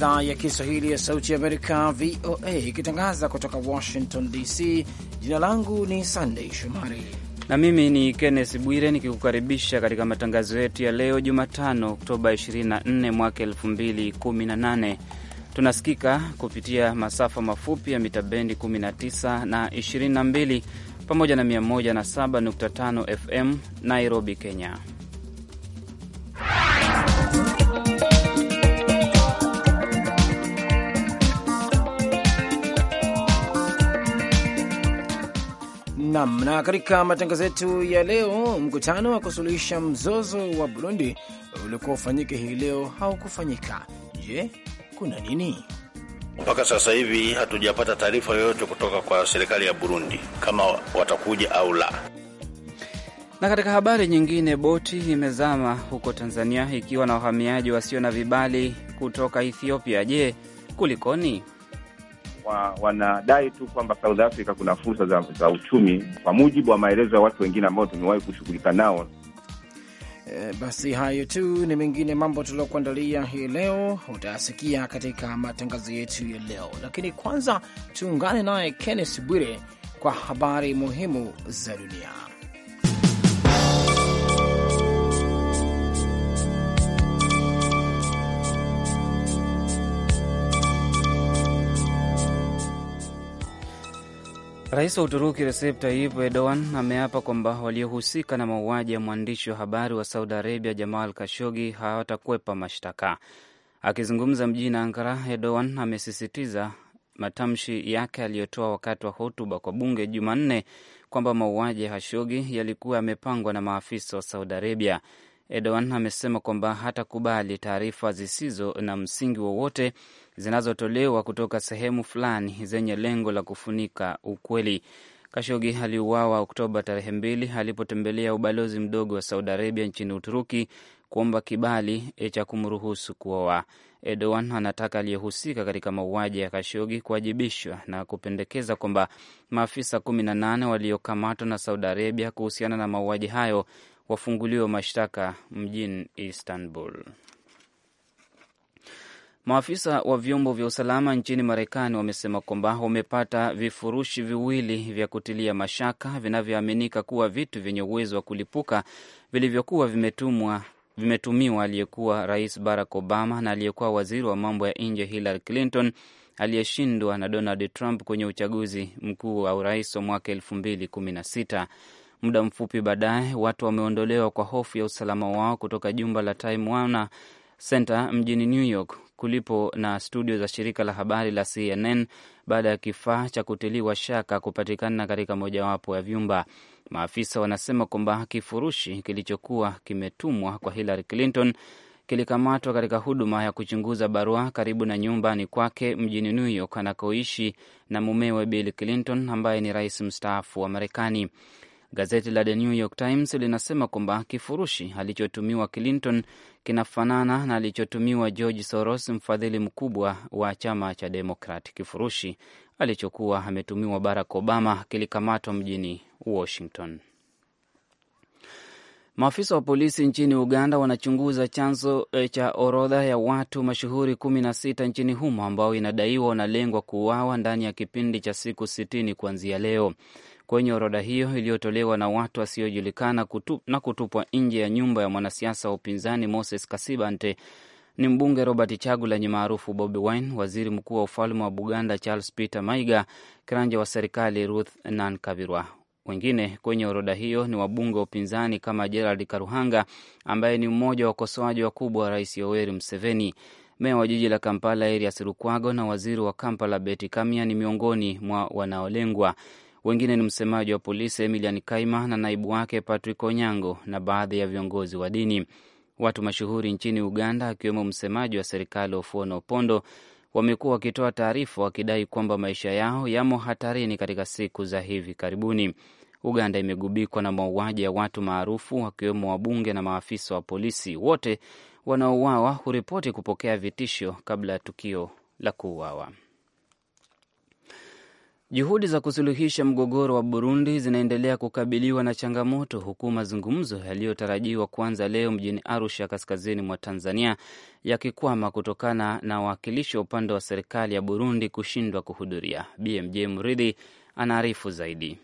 idhaa ya Kiswahili ya Sauti ya Amerika, VOA, ikitangaza kutoka Washington DC. Jina langu ni Sandei Shomari na mimi ni Kenneth Bwire nikikukaribisha katika matangazo yetu ya leo Jumatano, Oktoba 24 mwaka 2018. Tunasikika kupitia masafa mafupi ya mita bendi 19 na 22 pamoja na 107.5 FM Nairobi, Kenya. Nam na katika matangazo yetu ya leo, mkutano wa kusuluhisha mzozo wa Burundi uliokuwa ufanyike hii leo haukufanyika. Je, kuna nini? Mpaka sasa hivi hatujapata taarifa yoyote kutoka kwa serikali ya Burundi kama watakuja au la. Na katika habari nyingine, boti imezama huko Tanzania ikiwa na wahamiaji wasio na vibali kutoka Ethiopia. Je, kulikoni? wa, wanadai tu kwamba South Africa kuna fursa za, za uchumi kwa mujibu wa maelezo ya watu wengine ambao tumewahi kushughulika nao. E, basi hayo tu ni mengine mambo tuliokuandalia hii leo, utayasikia katika matangazo yetu ya leo, lakini kwanza tuungane naye Kenneth Bwire kwa habari muhimu za dunia. Rais wa Uturuki Recep Tayyip Erdogan ameapa kwamba waliohusika na mauaji ya mwandishi wa habari wa Saudi Arabia Jamal Kashogi hawatakwepa mashtaka. Akizungumza mjini Ankara, Erdogan amesisitiza matamshi yake aliyotoa wakati wa hotuba kwa bunge Jumanne kwamba mauaji ya Hashogi yalikuwa yamepangwa na maafisa wa Saudi Arabia. Erdogan amesema kwamba hatakubali taarifa zisizo na msingi wowote zinazotolewa kutoka sehemu fulani zenye lengo la kufunika ukweli. Kashogi aliuawa Oktoba tarehe mbili alipotembelea ubalozi mdogo wa Saudi Arabia nchini Uturuki kuomba kibali eh, cha kumruhusu kuoa. Erdogan anataka aliyehusika katika mauaji ya Kashogi kuwajibishwa na kupendekeza kwamba maafisa 18 waliokamatwa na Saudi Arabia kuhusiana na mauaji hayo wafunguliwe mashtaka mjini Istanbul. Maafisa wa vyombo vya usalama nchini Marekani wamesema kwamba wamepata vifurushi viwili vya kutilia mashaka vinavyoaminika kuwa vitu vyenye uwezo wa kulipuka vilivyokuwa vimetumwa vimetumiwa aliyekuwa Rais Barack Obama na aliyekuwa waziri wa mambo ya nje Hillary Clinton aliyeshindwa na Donald Trump kwenye uchaguzi mkuu wa urais wa mwaka elfu mbili kumi na sita. Muda mfupi baadaye watu wameondolewa kwa hofu ya usalama wao kutoka jumba la Time Warner Center mjini New York kulipo na studio za shirika la habari la CNN baada ya kifaa cha kutiliwa shaka kupatikana katika mojawapo ya vyumba. Maafisa wanasema kwamba kifurushi kilichokuwa kimetumwa kwa Hillary Clinton kilikamatwa katika huduma ya kuchunguza barua karibu na nyumbani kwake mjini New York anakoishi na mumewe Bill Clinton ambaye ni rais mstaafu wa Marekani. Gazeti la The New York Times linasema kwamba kifurushi alichotumiwa Clinton kinafanana na alichotumiwa George Soros, mfadhili mkubwa wa chama cha Demokrat. Kifurushi alichokuwa ametumiwa Barack Obama kilikamatwa mjini Washington. Maafisa wa polisi nchini Uganda wanachunguza chanzo eh, cha orodha ya watu mashuhuri kumi na sita nchini humo ambao inadaiwa wanalengwa kuuawa ndani ya kipindi cha siku sitini kuanzia leo kwenye orodha hiyo iliyotolewa na watu wasiojulikana kutup, na kutupwa nje ya nyumba ya mwanasiasa wa upinzani Moses Kasibante ni mbunge Robert Chagulanyi maarufu Bobi Wine, waziri mkuu wa ufalme wa Buganda Charles Peter Maiga, kiranja wa serikali Ruth Nankabirwa. Wengine kwenye orodha hiyo ni wabunge wa upinzani kama Gerald Karuhanga ambaye ni mmoja wa wakosoaji wakubwa wa rais Yoweri Museveni. Meya wa jiji la Kampala Erias Lukwago na waziri wa Kampala Beti Kamya ni miongoni mwa wanaolengwa. Wengine ni msemaji wa polisi Emilian Kaima na naibu wake Patrick Onyango na baadhi ya viongozi wa dini. Watu mashuhuri nchini Uganda, akiwemo msemaji wa serikali Ofuono Opondo, wamekuwa wakitoa taarifa wakidai kwamba maisha yao yamo hatarini katika siku za hivi karibuni. Uganda imegubikwa na mauaji ya watu maarufu wakiwemo wabunge na maafisa wa polisi. Wote wanaouawa huripoti kupokea vitisho kabla ya tukio la kuuawa. Juhudi za kusuluhisha mgogoro wa Burundi zinaendelea kukabiliwa na changamoto huku mazungumzo yaliyotarajiwa kuanza leo mjini Arusha, kaskazini mwa Tanzania, yakikwama kutokana na wawakilishi wa upande wa serikali ya Burundi kushindwa kuhudhuria. BMJ Mridhi anaarifu zaidi.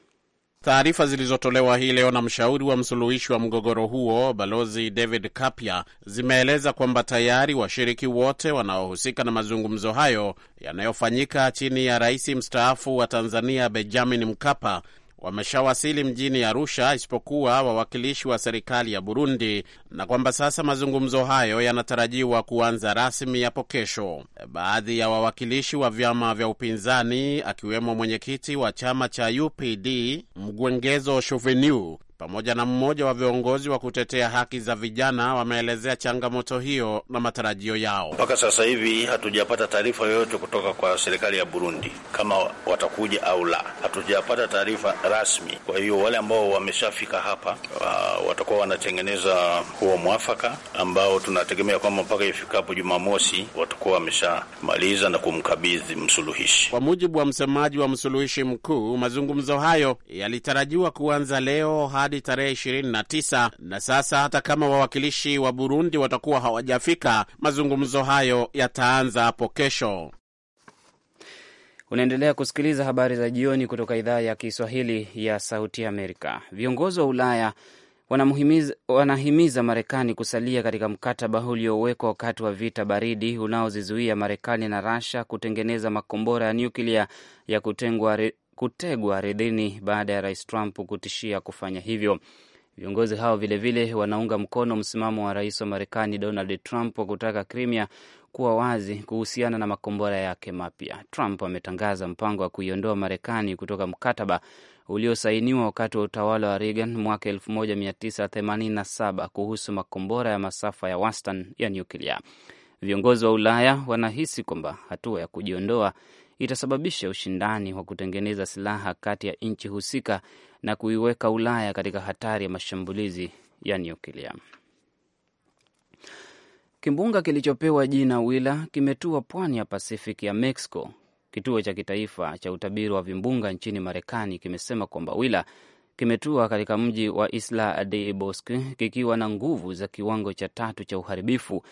Taarifa zilizotolewa hii leo na mshauri wa msuluhishi wa mgogoro huo Balozi David Kapia zimeeleza kwamba tayari washiriki wote wanaohusika na mazungumzo hayo yanayofanyika chini ya rais mstaafu wa Tanzania Benjamin Mkapa wameshawasili mjini Arusha isipokuwa wawakilishi wa serikali ya Burundi, na kwamba sasa mazungumzo hayo yanatarajiwa kuanza rasmi hapo kesho. Baadhi ya wawakilishi wa vyama vya upinzani akiwemo mwenyekiti wa chama cha UPD Mgwengezo Shuveniu pamoja na mmoja wa viongozi wa kutetea haki za vijana wameelezea changamoto hiyo na matarajio yao. Mpaka sasa hivi hatujapata taarifa yoyote kutoka kwa serikali ya Burundi kama watakuja au la, hatujapata taarifa rasmi. Kwa hiyo wale ambao wameshafika hapa watakuwa wanatengeneza huo mwafaka ambao tunategemea kwamba mpaka ifikapo Jumamosi watakuwa wameshamaliza na kumkabidhi msuluhishi. Kwa mujibu wa msemaji wa msuluhishi mkuu, mazungumzo hayo yalitarajiwa kuanza leo hadi tarehe 29, na sasa hata kama wawakilishi wa Burundi watakuwa hawajafika, mazungumzo hayo yataanza hapo kesho. Unaendelea kusikiliza habari za jioni kutoka idhaa ya Kiswahili ya Sauti Amerika. Viongozi wa Ulaya wanahimiza Marekani kusalia katika mkataba uliowekwa wakati wa vita baridi unaozizuia Marekani na Rasha kutengeneza makombora ya nyuklia ya kutengwa kutegwa ardhini baada ya rais Trump kutishia kufanya hivyo. Viongozi hao vilevile vile wanaunga mkono msimamo wa rais wa Marekani Donald Trump wa kutaka krimea kuwa wazi kuhusiana na makombora yake mapya. Trump ametangaza mpango wa kuiondoa Marekani kutoka mkataba uliosainiwa wakati wa utawala wa Reagan mwaka 1987 kuhusu makombora ya masafa ya wastani ya nyuklia. Viongozi wa Ulaya wanahisi kwamba hatua ya kujiondoa itasababisha ushindani wa kutengeneza silaha kati ya nchi husika na kuiweka Ulaya katika hatari ya mashambulizi ya nyuklia. Kimbunga kilichopewa jina Willa kimetua pwani ya Pacific ya Mexico. Kituo cha kitaifa cha utabiri wa vimbunga nchini Marekani kimesema kwamba wila kimetua katika mji wa Isla de Bosque kikiwa na nguvu za kiwango cha tatu cha uharibifu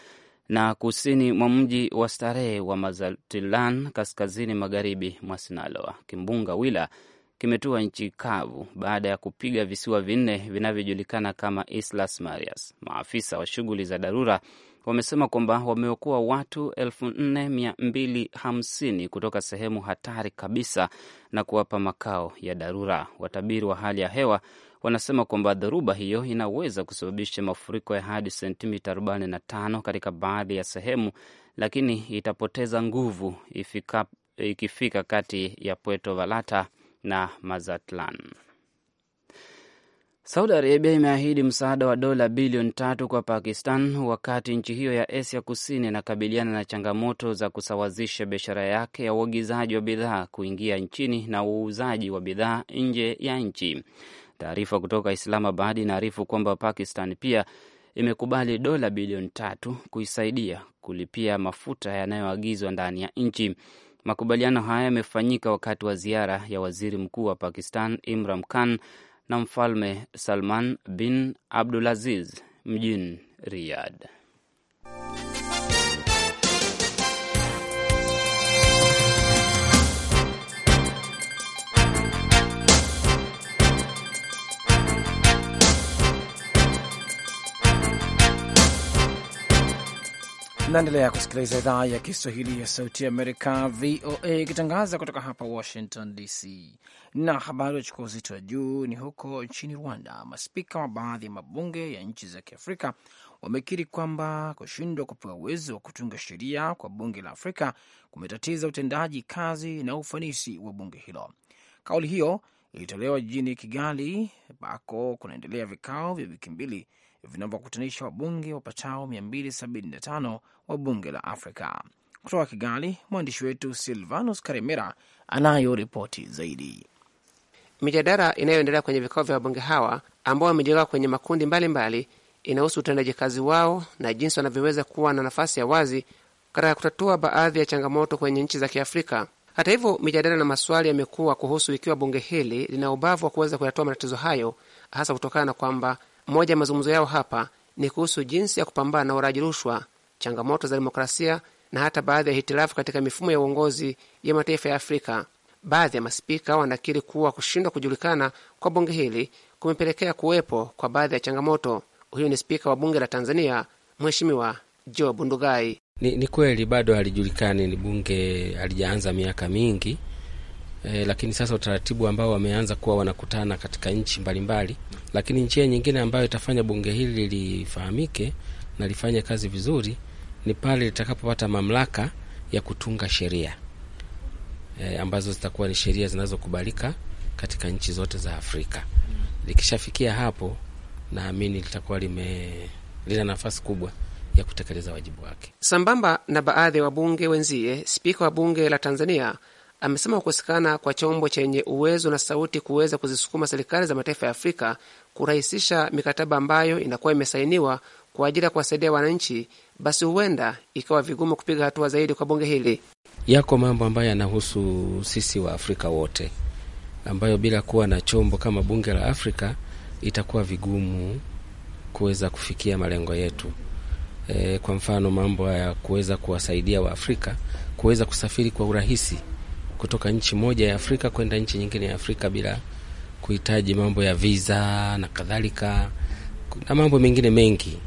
na kusini mwa mji wa starehe wa mazatilan kaskazini magharibi mwa Sinaloa. Kimbunga wila kimetua nchi kavu baada ya kupiga visiwa vinne vinavyojulikana kama Islas Marias. Maafisa wa shughuli za dharura wamesema kwamba wameokoa watu 4250 kutoka sehemu hatari kabisa na kuwapa makao ya dharura. Watabiri wa hali ya hewa wanasema kwamba dhoruba hiyo inaweza kusababisha mafuriko ya hadi sentimita 45 katika baadhi ya sehemu, lakini itapoteza nguvu ifika, ikifika kati ya Puerto Vallarta na Mazatlan. Saudi Arabia imeahidi msaada wa dola bilioni tatu kwa Pakistan wakati nchi hiyo ya Asia kusini inakabiliana na changamoto za kusawazisha biashara yake ya uagizaji wa bidhaa kuingia nchini na uuzaji wa bidhaa nje ya nchi. Taarifa kutoka Islamabad inaarifu kwamba Pakistan pia imekubali dola bilioni tatu kuisaidia kulipia mafuta yanayoagizwa ndani ya nchi. Makubaliano haya yamefanyika wakati wa ziara ya waziri mkuu wa Pakistan Imran Khan na mfalme Salman bin Abdulaziz mjini Riyadh. Naendelea kusikiliza idhaa ya Kiswahili ya Sauti ya Amerika, VOA, ikitangaza kutoka hapa Washington DC. Na habari wachukua uzito wa juu ni huko nchini Rwanda. Maspika wa baadhi ya mabunge ya nchi za Kiafrika wamekiri kwamba kushindwa kupewa uwezo wa kutunga sheria kwa bunge la Afrika kumetatiza utendaji kazi na ufanisi wa bunge hilo. Kauli hiyo ilitolewa jijini Kigali ambako kunaendelea vikao vya wiki mbili vinavyokutanisha wabunge wapatao 275 wa bunge la Afrika. Kutoka Kigali, mwandishi wetu Silvanus Karemera anayo ripoti zaidi. Mijadala inayoendelea kwenye vikao vya wabunge hawa ambao wamejiweka kwenye makundi mbalimbali inahusu utendaji kazi wao na jinsi wanavyoweza kuwa na nafasi ya wazi katika kutatua baadhi ya changamoto kwenye nchi za Kiafrika. Hata hivyo, mijadala na maswali yamekuwa kuhusu ikiwa bunge hili lina ubavu wa kuweza kuyatoa matatizo hayo, hasa kutokana na kwamba moja ya mazungumzo yao hapa ni kuhusu jinsi ya kupambana na uraji rushwa, changamoto za demokrasia na hata baadhi ya hitilafu katika mifumo ya uongozi ya mataifa ya Afrika. Baadhi ya maspika wanakiri kuwa kushindwa kujulikana kwa bunge hili kumepelekea kuwepo kwa baadhi ya changamoto. Huyu ni spika wa bunge la Tanzania, Mheshimiwa Job Ndugai. Ni, ni kweli bado halijulikani, ni bunge halijaanza miaka mingi e, lakini sasa utaratibu ambao wameanza kuwa wanakutana katika nchi mbalimbali, lakini njia nyingine ambayo itafanya bunge hili lifahamike na lifanye kazi vizuri ni pale litakapopata mamlaka ya kutunga sheria e, ambazo zitakuwa ni sheria zinazokubalika katika nchi zote za Afrika. Likishafikia hapo, naamini litakuwa lime lina nafasi kubwa ya kutekeleza wajibu wake. Sambamba na baadhi ya wabunge wenzie, spika wa bunge la Tanzania amesema kukosekana kwa chombo chenye uwezo na sauti kuweza kuzisukuma serikali za mataifa ya Afrika kurahisisha mikataba ambayo inakuwa imesainiwa kwa ajili ya kuwasaidia wananchi, basi huenda ikawa vigumu kupiga hatua zaidi kwa bunge hili. Yako mambo ambayo yanahusu sisi wa Afrika wote ambayo bila kuwa na chombo kama bunge la Afrika itakuwa vigumu kuweza kufikia malengo yetu. E, kwa mfano mambo ya kuweza kuwasaidia Waafrika kuweza kusafiri kwa urahisi kutoka nchi moja ya Afrika kwenda nchi nyingine ya Afrika bila kuhitaji mambo ya visa na kadhalika na mambo mengine mengi.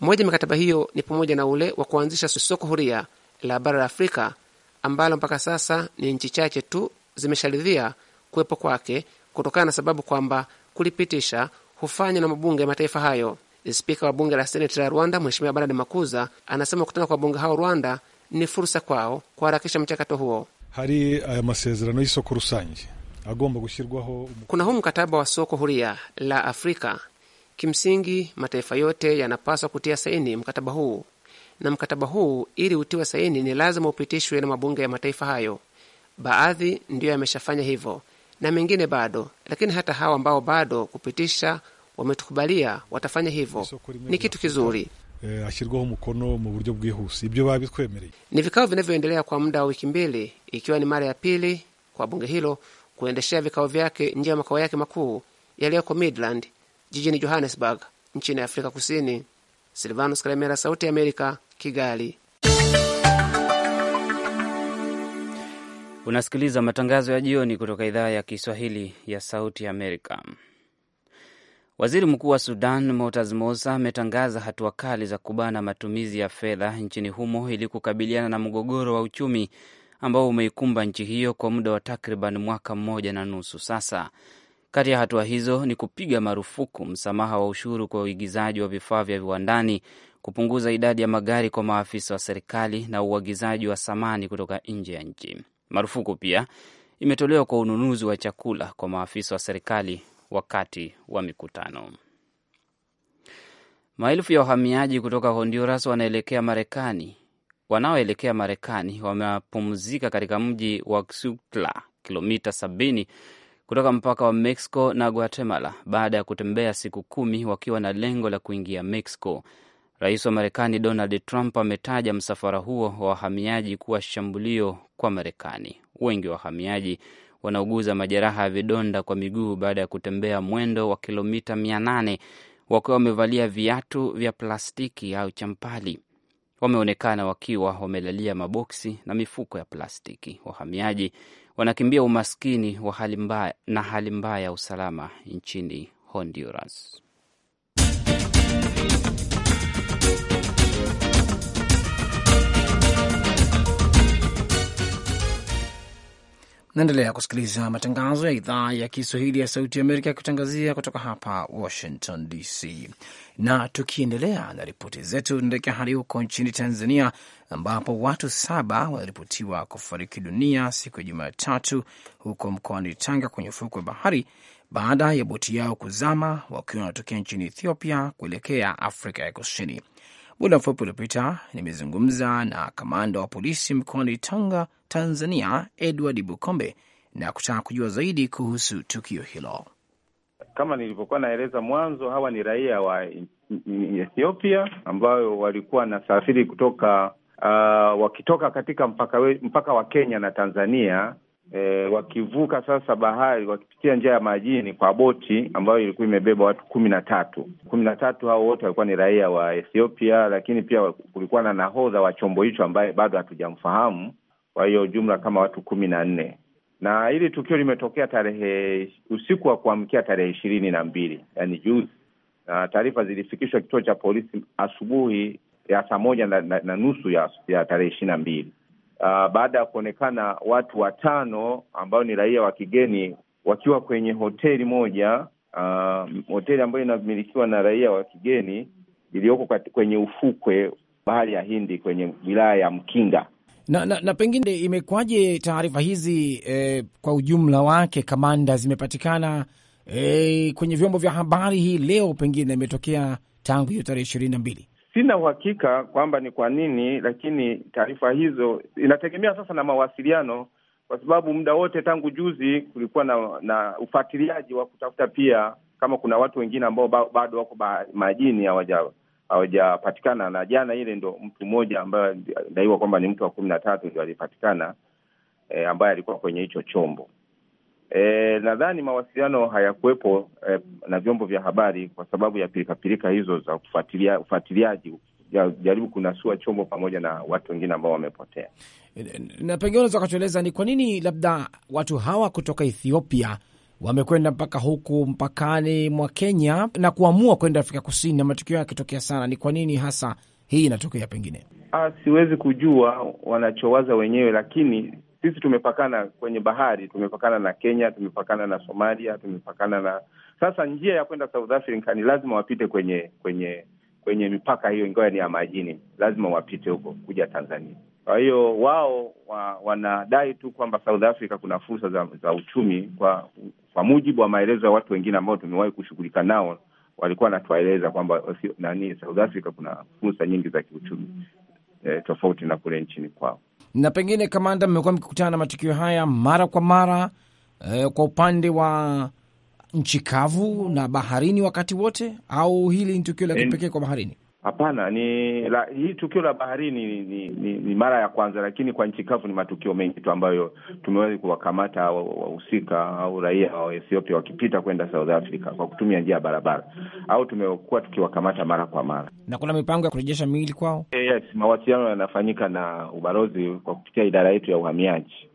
Moja mikataba hiyo ni pamoja na ule wa kuanzisha soko huria la bara la Afrika ambalo mpaka sasa ni nchi chache tu zimesharidhia kuwepo kwake kutokana na sababu kwamba kulipitisha hufanywa na mabunge ya mataifa hayo. Spika wa bunge la seneti la Rwanda Mheshimiwa Bernard Makuza anasema kukutana kwa wabunge hao Rwanda ni fursa kwao kuharakisha mchakato huo hari aya masezerano y'isoko rusange agomba gushyirwaho. Kuna huu mkataba wa soko huria la Afrika. Kimsingi, mataifa yote yanapaswa kutia saini mkataba huu, na mkataba huu ili utiwe saini ni lazima upitishwe na mabunge ya mataifa hayo. Baadhi ndiyo yameshafanya hivyo na mengine bado, lakini hata hawa ambao bado kupitisha wametukubalia watafanya hivyo. Ni kitu kizuri eh, ashyirwaho umukono mu buryo bwihuse. Ibyo babitwemereye. Ni vikao vinavyoendelea kwa muda wa wiki mbili, ikiwa ni mara ya pili kwa bunge hilo kuendeshea vikao vyake nje ya makao yake makuu yaliyoko Midland jijini Johannesburg nchini Afrika Kusini. Silvanus Kalemera, Sauti ya Amerika, Kigali. Unasikiliza matangazo ya jioni kutoka idhaa ya Kiswahili ya Sauti ya Amerika. Waziri Mkuu wa Sudan Motas Mosa ametangaza hatua kali za kubana matumizi ya fedha nchini humo ili kukabiliana na mgogoro wa uchumi ambao umeikumba nchi hiyo kwa muda wa takriban mwaka mmoja na nusu sasa. Kati ya hatua hizo ni kupiga marufuku msamaha wa ushuru kwa uigizaji wa vifaa vya viwandani, kupunguza idadi ya magari kwa maafisa wa serikali na uagizaji wa samani kutoka nje ya nchi. Marufuku pia imetolewa kwa ununuzi wa chakula kwa maafisa wa serikali wakati wa mikutano. Maelfu ya wahamiaji kutoka Honduras wanaelekea Marekani wanaoelekea Marekani wamepumzika katika mji wa Xutla, kilomita 70 kutoka mpaka wa Mexico na Guatemala, baada ya kutembea siku kumi wakiwa na lengo la kuingia Mexico. Rais wa Marekani Donald Trump ametaja msafara huo wa wahamiaji kuwa shambulio kwa Marekani. Wengi wa wahamiaji wanauguza majeraha ya vidonda kwa miguu baada ya kutembea mwendo wa kilomita mia nane wakiwa wamevalia viatu vya plastiki au champali. Wameonekana wakiwa wamelalia maboksi na mifuko ya plastiki. Wahamiaji wanakimbia umaskini wa hali mbaya na hali mbaya ya usalama nchini Honduras. Naendelea kusikiliza matangazo ya idhaa ya Kiswahili ya Sauti ya Amerika yakutangazia kutoka hapa Washington DC. Na tukiendelea na ripoti zetu, tunaelekea hadi huko nchini Tanzania ambapo watu saba wanaripotiwa kufariki dunia siku ya Jumatatu huko mkoani Tanga kwenye ufukwe wa bahari baada ya boti yao kuzama wakiwa wanatokea nchini Ethiopia kuelekea Afrika ya Kusini. Muda mfupi uliopita nimezungumza na kamanda wa polisi mkoani Tanga, Tanzania, Edward Bukombe, na kutaka kujua zaidi kuhusu tukio hilo. Kama nilivyokuwa naeleza mwanzo, hawa ni raia wa Ethiopia ambayo walikuwa wanasafiri kutoka uh, wakitoka katika mpaka, we, mpaka wa Kenya na Tanzania e, wakivuka sasa bahari wakipitia njia ya majini kwa boti ambayo ilikuwa imebeba watu kumi na tatu kumi na tatu Hao wote walikuwa ni raia wa Ethiopia, lakini pia kulikuwa na nahodha wa chombo hicho ambaye bado hatujamfahamu. Kwa hiyo jumla kama watu kumi na nne na hili tukio limetokea tarehe usiku wa kuamkia tarehe ishirini na mbili yani juzi, na taarifa zilifikishwa kituo cha polisi asubuhi ya saa moja na, na, na nusu ya, ya tarehe ishirini na mbili uh, baada ya kuonekana watu watano ambao ni raia wa kigeni wakiwa kwenye hoteli moja uh, hoteli ambayo inamilikiwa na raia wa kigeni iliyoko kwenye ufukwe bahari ya Hindi kwenye wilaya ya Mkinga. Na, na, na pengine imekuwaje taarifa hizi eh, kwa ujumla wake kamanda, zimepatikana eh, kwenye vyombo vya habari hii leo, pengine imetokea tangu hiyo tarehe ishirini na mbili Sina uhakika kwamba ni kwa nini, lakini taarifa hizo inategemea sasa na mawasiliano, kwa sababu muda wote tangu juzi kulikuwa na, na ufuatiliaji wa kutafuta pia kama kuna watu wengine ambao bado wako majini hawajapatikana. Na jana ile ndo mtu mmoja ambaye daiwa kwamba ni mtu wa kumi na tatu ndo alipatikana, e, ambaye alikuwa kwenye hicho chombo. E, nadhani mawasiliano hayakuwepo e, na vyombo vya habari kwa sababu ya pilikapilika hizo za kufuatilia ufuatiliaji, jaribu kunasua chombo pamoja na watu wengine ambao wamepotea. Na pengine unaweza ukatueleza ni kwa nini labda watu hawa kutoka Ethiopia wamekwenda mpaka huku mpakani mwa Kenya na kuamua kwenda Afrika Kusini, na matukio yakitokea sana, ni kwa nini hasa hii inatokea? Pengine ah, siwezi kujua wanachowaza wenyewe, lakini sisi tumepakana kwenye bahari, tumepakana na Kenya, tumepakana na Somalia, tumepakana na sasa, njia ya kwenda South Africa ni lazima wapite kwenye kwenye kwenye mipaka hiyo, ingawa ni ya majini, lazima wapite huko kuja Tanzania. Kwa hiyo wao wa, wanadai tu kwamba South Africa kuna fursa za, za uchumi kwa kwa mujibu wa maelezo ya watu wengine ambao tumewahi kushughulika nao, walikuwa wanatueleza kwamba nani, South Africa kuna fursa nyingi za kiuchumi eh, tofauti na kule nchini kwao. Na pengine kamanda, mmekuwa mkikutana na matukio haya mara kwa mara eh, kwa upande wa nchi kavu na baharini wakati wote, au hili ni tukio la kipekee kwa baharini? Hapana, ni la, hii tukio la baharini ni, ni, ni, ni mara ya kwanza, lakini kwa nchi kavu ni matukio mengi tu ambayo tumeweza kuwakamata wahusika wa au raia wa Ethiopia wakipita kwenda South Africa kwa kutumia njia ya barabara, au tumekuwa tukiwakamata mara kwa mara. Na kuna mipango ya kurejesha miili kwao? Eh, yes, mawasiliano yanafanyika na ubalozi kwa kupitia idara yetu ya uhamiaji.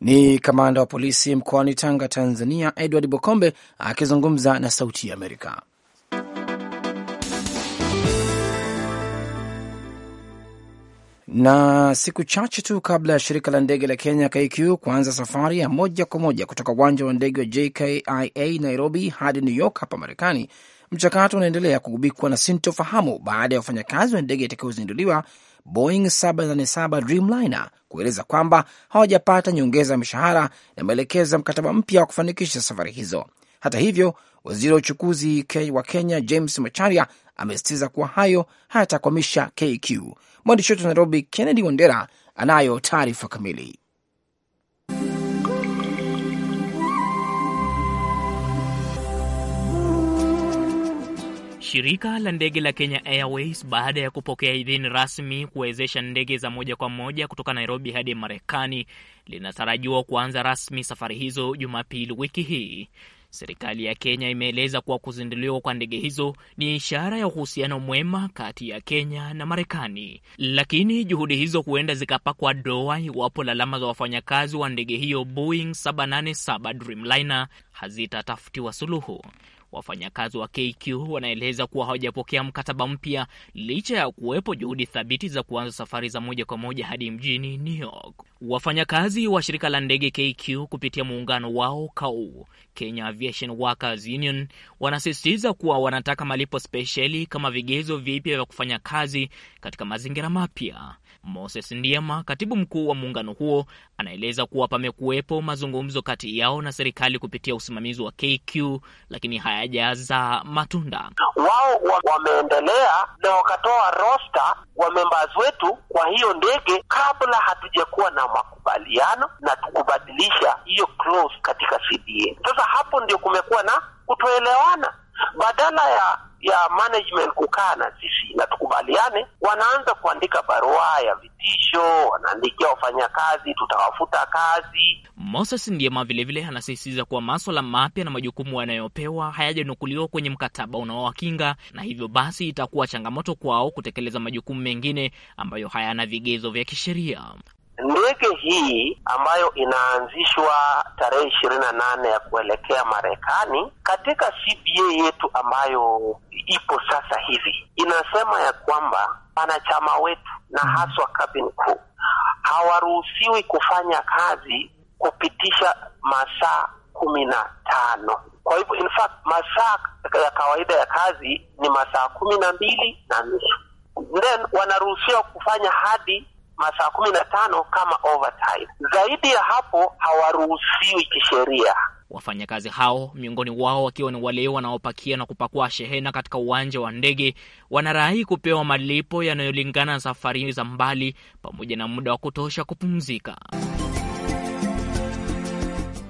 Ni kamanda wa polisi mkoani Tanga, Tanzania, Edward Bokombe akizungumza na Sauti ya Amerika. Na siku chache tu kabla ya shirika la ndege la Kenya KQ kuanza safari ya moja kwa moja kutoka uwanja wa ndege wa JKIA Nairobi hadi New York hapa Marekani, mchakato unaendelea kugubikwa na sintofahamu baada ya wafanyakazi wa ndege itakayozinduliwa Boeing 787 Dreamliner kueleza kwamba hawajapata nyongeza ya mishahara na maelekezo ya mkataba mpya wa kufanikisha safari hizo. Hata hivyo, waziri wa uchukuzi wa Kenya James Macharia amesisitiza kuwa hayo hayatakwamisha KQ Mwandishi wetu Nairobi, Kennedy Wandera, anayo taarifa kamili. Shirika la ndege la Kenya Airways baada ya kupokea idhini rasmi kuwezesha ndege za moja kwa moja kutoka Nairobi hadi Marekani linatarajiwa kuanza rasmi safari hizo Jumapili wiki hii. Serikali ya Kenya imeeleza kuwa kuzinduliwa kwa ndege hizo ni ishara ya uhusiano mwema kati ya Kenya na Marekani, lakini juhudi hizo huenda zikapakwa doa iwapo lalama za wafanyakazi wa ndege hiyo Boeing 787 Dreamliner hazitatafutiwa suluhu. Wafanyakazi wa KQ wanaeleza kuwa hawajapokea mkataba mpya licha ya kuwepo juhudi thabiti za kuanza safari za moja kwa moja hadi mjini New York. Wafanyakazi wa shirika la ndege KQ kupitia muungano wao KAU, Kenya Aviation Workers Union, wanasisitiza kuwa wanataka malipo spesheli kama vigezo vipya vya kufanya kazi katika mazingira mapya. Moses Ndiema, katibu mkuu wa muungano huo, anaeleza kuwa pamekuwepo mazungumzo kati yao na serikali kupitia usimamizi wa KQ, lakini hayajaza matunda. Wao wameendelea na wakatoa rosta wa members wetu kwa hiyo ndege kabla hatujakuwa na makubaliano na tukubadilisha hiyo clause katika Sasa hapo ndio kumekuwa na kutoelewana badala ya ya management kukaa na sisi na tukubaliane, wanaanza kuandika barua ya vitisho, wanaandikia wafanyakazi tutawafuta kazi. Moses Ndiema vilevile anasisitiza kuwa maswala mapya na majukumu yanayopewa hayajanukuliwa kwenye mkataba unaowakinga na hivyo basi itakuwa changamoto kwao kutekeleza majukumu mengine ambayo hayana vigezo vya kisheria. Ndege hii ambayo inaanzishwa tarehe ishirini na nane ya kuelekea Marekani katika CBA yetu ambayo ipo sasa hivi inasema ya kwamba wanachama wetu na mm-hmm. haswa kabini kuu hawaruhusiwi kufanya kazi kupitisha masaa kumi na tano. Kwa hivyo in fact masaa ya kawaida ya kazi ni masaa kumi na mbili na nusu, then wanaruhusiwa kufanya hadi masaa kumi na tano kama overtime. Zaidi ya hapo hawaruhusiwi kisheria. Wafanyakazi hao miongoni wao wakiwa ni wale wanaopakia na kupakua shehena katika uwanja wa ndege, wanarahi kupewa malipo yanayolingana na safari za mbali pamoja na muda wa kutosha kupumzika.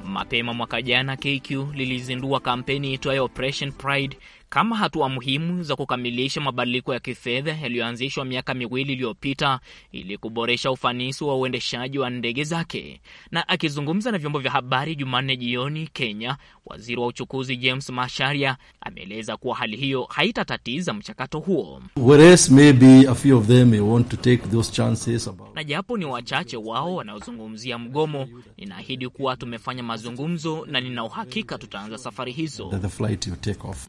Mapema mwaka jana KQ lilizindua kampeni itwayo Operation Pride kama hatua muhimu za kukamilisha mabadiliko ya kifedha yaliyoanzishwa miaka miwili iliyopita ili kuboresha ufanisi wa uendeshaji wa ndege zake. Na akizungumza na vyombo vya habari Jumanne jioni Kenya, Waziri wa uchukuzi James Masharia ameeleza kuwa hali hiyo haitatatiza mchakato huo. Na japo ni wachache wao wanaozungumzia mgomo, ninaahidi kuwa tumefanya mazungumzo na nina uhakika tutaanza safari hizo.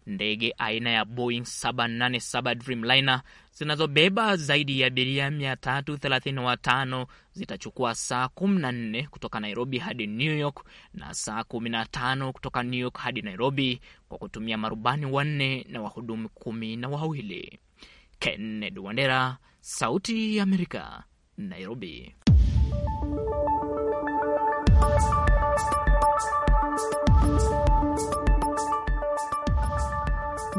Ndege aina ya Boeing 787 Dreamliner zinazobeba zaidi ya abiria 335 zitachukua saa 14 kutoka Nairobi hadi New York na saa 15 kutoka New York hadi Nairobi kwa kutumia marubani wanne na wahudumu kumi na wawili. Kennedy Wandera, Sauti ya Amerika, Nairobi.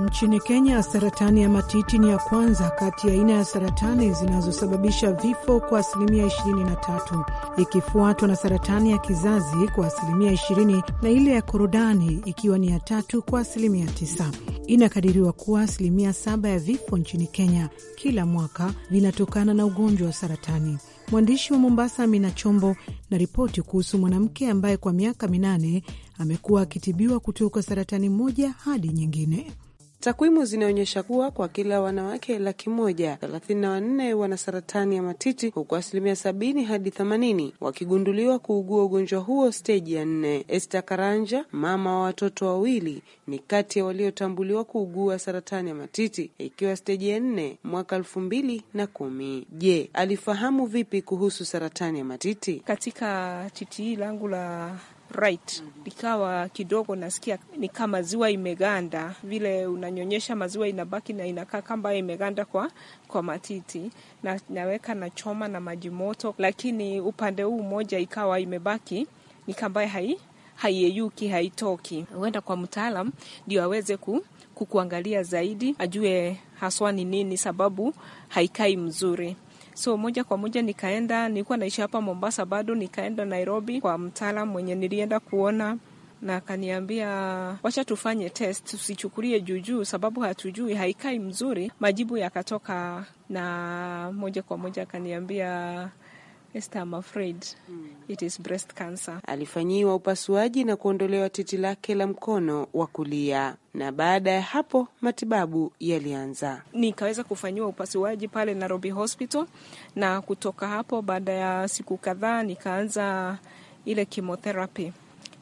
Nchini Kenya, saratani ya matiti ni ya kwanza kati ya aina ya saratani zinazosababisha vifo kwa asilimia 23, ikifuatwa na saratani ya kizazi kwa asilimia 20 na ile ya korodani ikiwa ni ya tatu kwa asilimia 9. Inakadiriwa kuwa asilimia saba ya vifo nchini Kenya kila mwaka vinatokana na ugonjwa wa saratani. Mwandishi wa Mombasa Amina Chombo na ripoti kuhusu mwanamke ambaye kwa miaka minane amekuwa akitibiwa kutoka saratani moja hadi nyingine. Takwimu zinaonyesha kuwa kwa kila wanawake laki moja thelathini na wanne wana saratani ya matiti, huku asilimia sabini hadi themanini wakigunduliwa kuugua ugonjwa huo steji ya nne. este Karanja, mama wa watoto wawili, ni kati ya waliotambuliwa kuugua saratani ya matiti ikiwa steji ya nne mwaka elfu mbili na kumi. Je, alifahamu vipi kuhusu saratani ya matiti? Katika titi langu la right. Ikawa kidogo nasikia ni kama maziwa imeganda, vile unanyonyesha maziwa inabaki na inakaa kama imeganda kwa, kwa matiti na, naweka na choma na maji moto, lakini upande huu mmoja ikawa imebaki ni kama hai haiyeyuki haitoki. Huenda kwa mtaalam ndio aweze ku, kukuangalia zaidi, ajue haswa ni nini sababu haikai mzuri. So moja kwa moja nikaenda, nilikuwa naishi hapa Mombasa bado, nikaenda Nairobi kwa mtaalam mwenye nilienda kuona na akaniambia wacha tufanye test, tusichukulie juujuu sababu hatujui, haikai mzuri. Majibu yakatoka, na moja kwa moja akaniambia Alifanyiwa upasuaji na kuondolewa titi lake la mkono wa kulia, na baada ya hapo matibabu yalianza. Nikaweza kufanyiwa upasuaji pale Nairobi Hospital, na kutoka hapo, baada ya siku kadhaa, nikaanza ile chemotherapy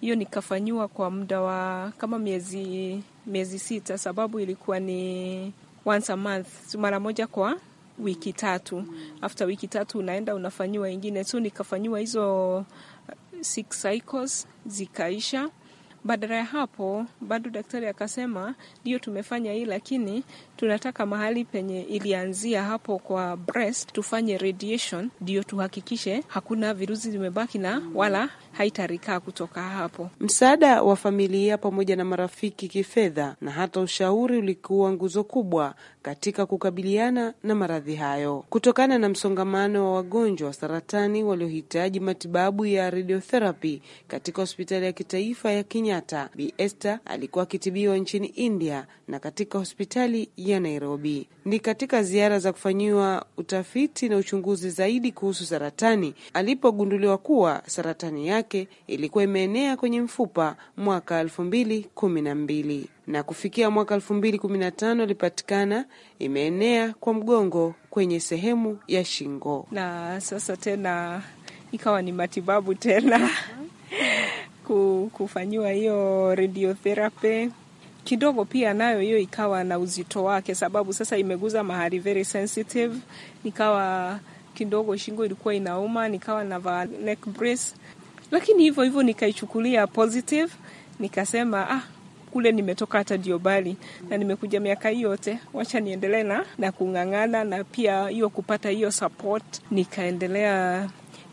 hiyo. Nikafanyiwa kwa muda wa kama miezi miezi sita, sababu ilikuwa ni once a month, mara moja kwa wiki tatu. After wiki tatu unaenda unafanyiwa ingine, so nikafanyiwa hizo uh, six cycles zikaisha. Badala ya hapo, bado daktari akasema ndio tumefanya hii, lakini tunataka mahali penye ilianzia hapo kwa breast tufanye radiation, ndio tuhakikishe hakuna virusi zimebaki na wala haitarikaa kutoka hapo. Msaada wa familia pamoja na marafiki kifedha na hata ushauri ulikuwa nguzo kubwa katika kukabiliana na maradhi hayo, kutokana na msongamano wa wagonjwa wa saratani waliohitaji matibabu ya radiotherapy katika hospitali ya kitaifa ya Kenya Kenyatta. Bi Esther alikuwa akitibiwa nchini India na katika hospitali ya Nairobi. Ni katika ziara za kufanyiwa utafiti na uchunguzi zaidi kuhusu saratani alipogunduliwa kuwa saratani yake ilikuwa imeenea kwenye mfupa mwaka elfu mbili kumi na mbili na kufikia mwaka elfu mbili kumi na tano ilipatikana imeenea kwa mgongo kwenye sehemu ya shingo, na sasa tena ikawa ni matibabu tena kufanyiwa hiyo radiotherapy kidogo pia nayo hiyo ikawa na uzito wake, sababu sasa imeguza mahali very sensitive. Nikawa kidogo shingo ilikuwa inauma, nikawa navaa neck brace, lakini hivyo hivyo nikaichukulia positive, nikasema ah, kule nimetoka hata dio bali na nimekuja miaka hii yote, wacha niendelee na na kung'ang'ana, na pia hiyo kupata hiyo support, nikaendelea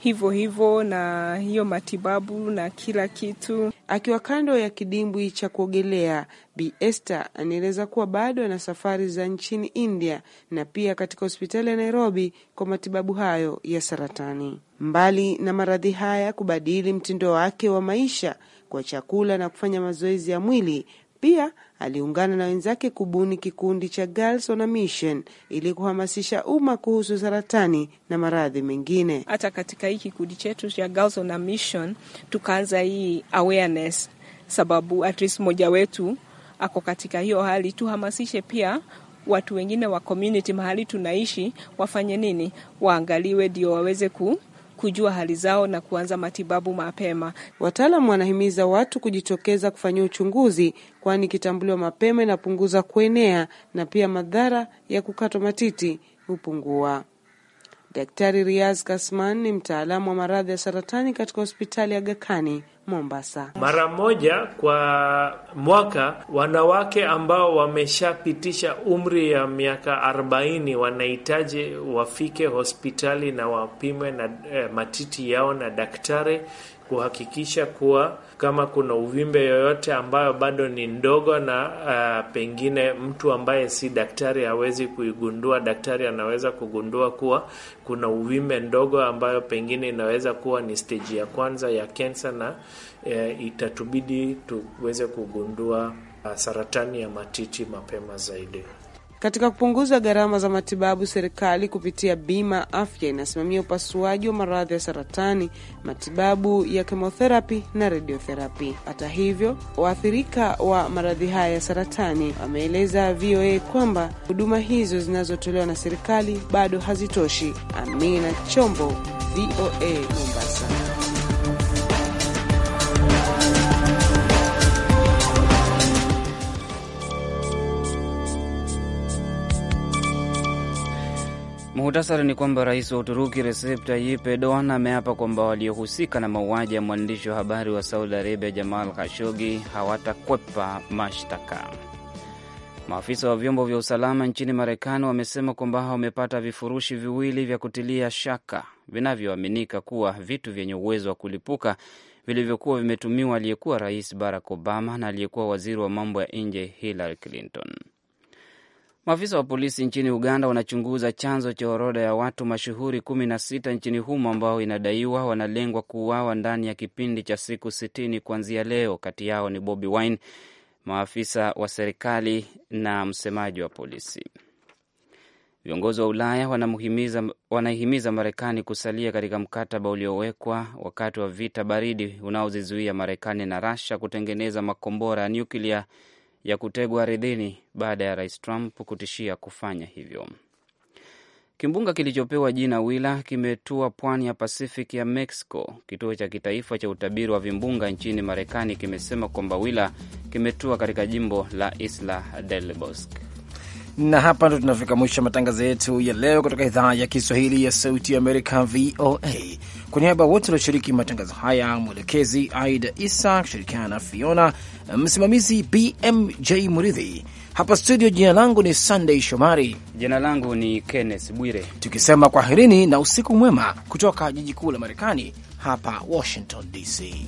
hivyo hivyo na hiyo matibabu na kila kitu. Akiwa kando ya kidimbwi cha kuogelea, Bi Esther anaeleza kuwa bado ana safari za nchini India na pia katika hospitali ya Nairobi kwa matibabu hayo ya saratani. Mbali na maradhi haya, kubadili mtindo wake wa maisha kwa chakula na kufanya mazoezi ya mwili pia aliungana na wenzake kubuni kikundi cha Girls on a Mission ili kuhamasisha umma kuhusu saratani na maradhi mengine. Hata katika hii kikundi chetu cha Girls on a Mission tukaanza hii awareness, sababu at least mmoja wetu ako katika hiyo hali, tuhamasishe pia watu wengine wa community mahali tunaishi wafanye nini, waangaliwe ndio waweze ku kujua hali zao na kuanza matibabu mapema. Wataalamu wanahimiza watu kujitokeza kufanyia uchunguzi, kwani kitambuliwa mapema inapunguza kuenea na pia madhara ya kukatwa matiti hupungua. Daktari Riaz Kasman ni mtaalamu wa maradhi ya saratani katika hospitali ya Gakani Mombasa. Mara moja kwa mwaka wanawake ambao wameshapitisha umri ya miaka 40 wanahitaji wafike hospitali na wapimwe na eh, matiti yao na daktari kuhakikisha kuwa kama kuna uvimbe yoyote ambayo bado ni ndogo na uh, pengine mtu ambaye si daktari hawezi kuigundua, daktari anaweza kugundua kuwa kuna uvimbe ndogo ambayo pengine inaweza kuwa ni steji ya kwanza ya kensa, na uh, itatubidi tuweze kugundua uh, saratani ya matiti mapema zaidi. Katika kupunguza gharama za matibabu, serikali kupitia bima afya inasimamia upasuaji wa maradhi ya saratani, matibabu ya kemotherapi na radiotherapi. Hata hivyo, waathirika wa maradhi haya ya saratani wameeleza VOA kwamba huduma hizo zinazotolewa na serikali bado hazitoshi. Amina Chombo, VOA Mombasa. Muhtasari ni kwamba rais wa Uturuki Recep Tayyip Erdogan ameapa kwamba waliohusika na mauaji ya mwandishi wa habari wa Saudi Arabia Jamal Khashoggi hawatakwepa mashtaka. Maafisa wa vyombo vya usalama nchini Marekani wamesema kwamba wamepata vifurushi viwili vya kutilia shaka vinavyoaminika kuwa vitu vyenye uwezo wa kulipuka vilivyokuwa vimetumiwa aliyekuwa rais Barack Obama na aliyekuwa waziri wa mambo ya nje Hillary Clinton. Maafisa wa polisi nchini Uganda wanachunguza chanzo cha orodha ya watu mashuhuri kumi na sita nchini humo ambao inadaiwa wanalengwa kuuawa ndani ya kipindi cha siku sitini kuanzia leo. Kati yao ni Bobi Wine, maafisa wa serikali na msemaji wa polisi. Viongozi wa Ulaya wanaihimiza Marekani kusalia katika mkataba uliowekwa wakati wa vita baridi unaozizuia Marekani na Rasha kutengeneza makombora ya nyuklia ya kutegwa ardhini baada ya rais Trump kutishia kufanya hivyo. Kimbunga kilichopewa jina wila kimetua pwani ya Pacific ya Mexico. Kituo cha kitaifa cha utabiri wa vimbunga nchini Marekani kimesema kwamba wila kimetua katika jimbo la Isla del Bosque. Na hapa ndo tunafika mwisho matangazo yetu ya leo kutoka idhaa ya Kiswahili ya Sauti ya Amerika, VOA. Kwa niaba wote walioshiriki matangazo haya, mwelekezi Aida Isa kushirikiana na Fiona, msimamizi BMJ Muridhi hapa studio. Jina langu ni Sunday Shomari. Jina langu ni Kenneth Bwire, tukisema kwaherini na usiku mwema kutoka jiji kuu la Marekani, hapa Washington DC.